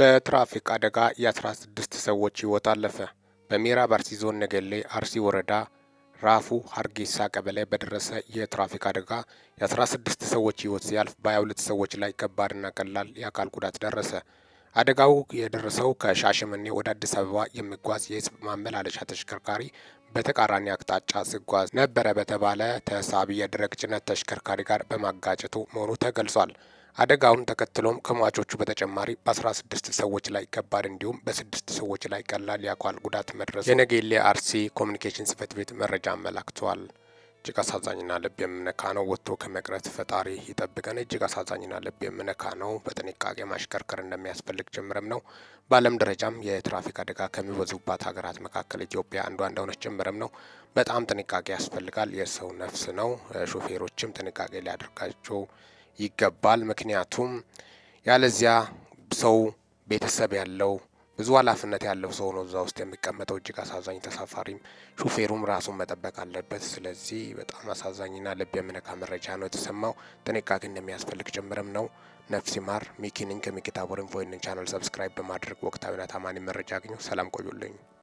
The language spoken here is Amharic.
በትራፊክ አደጋ የ16 ሰዎች ሕይወት አለፈ። በምዕራብ አርሲ ዞን ነገሌ አርሲ ወረዳ ራፉ ሀርጌሳ ቀበሌ በደረሰ የትራፊክ አደጋ የ16 ሰዎች ሕይወት ሲያልፍ በ22 ሰዎች ላይ ከባድና ቀላል የአካል ጉዳት ደረሰ። አደጋው የደረሰው ከሻሸመኔ ወደ አዲስ አበባ የሚጓዝ የህዝብ ማመላለሻ ተሽከርካሪ በተቃራኒ አቅጣጫ ሲጓዝ ነበረ በተባለ ተሳቢ የደረቅ ጭነት ተሽከርካሪ ጋር በማጋጨቱ መሆኑ ተገልጿል። አደጋውን ተከትሎም ከሟቾቹ በተጨማሪ በ16 ሰዎች ላይ ከባድ እንዲሁም በስድስት ሰዎች ላይ ቀላል የአካል ጉዳት መድረሱ የነጌሌ አርሲ ኮሚኒኬሽን ጽህፈት ቤት መረጃ አመላክተዋል። እጅግ አሳዛኝና ልብ የምነካ ነው። ወጥቶ ከመቅረት ፈጣሪ ይጠብቀን። እጅግ አሳዛኝና ልብ የምነካ ነው። በጥንቃቄ ማሽከርከር እንደሚያስፈልግ ጭምርም ነው። በዓለም ደረጃም የትራፊክ አደጋ ከሚበዙባት ሀገራት መካከል ኢትዮጵያ አንዷ እንደሆነች ጭምርም ነው። በጣም ጥንቃቄ ያስፈልጋል። የሰው ነፍስ ነው። ሾፌሮችም ጥንቃቄ ሊያደርጋቸው ይገባል። ምክንያቱም ያለዚያ ሰው ቤተሰብ ያለው ብዙ ኃላፊነት ያለው ሰው ነው እዛ ውስጥ የሚቀመጠው። እጅግ አሳዛኝ ተሳፋሪም ሹፌሩም ራሱን መጠበቅ አለበት። ስለዚህ በጣም አሳዛኝና ልብ የሚነካ መረጃ ነው የተሰማው። ጥንቃቄ እንደሚያስፈልግ ጭምርም ነው። ነፍሲ ማር ሚኪ ነኝ ቮይንን ቻናል ሰብስክራይብ በማድረግ ወቅታዊና ታማኒ መረጃ አግኙ። ሰላም ቆዩልኝ።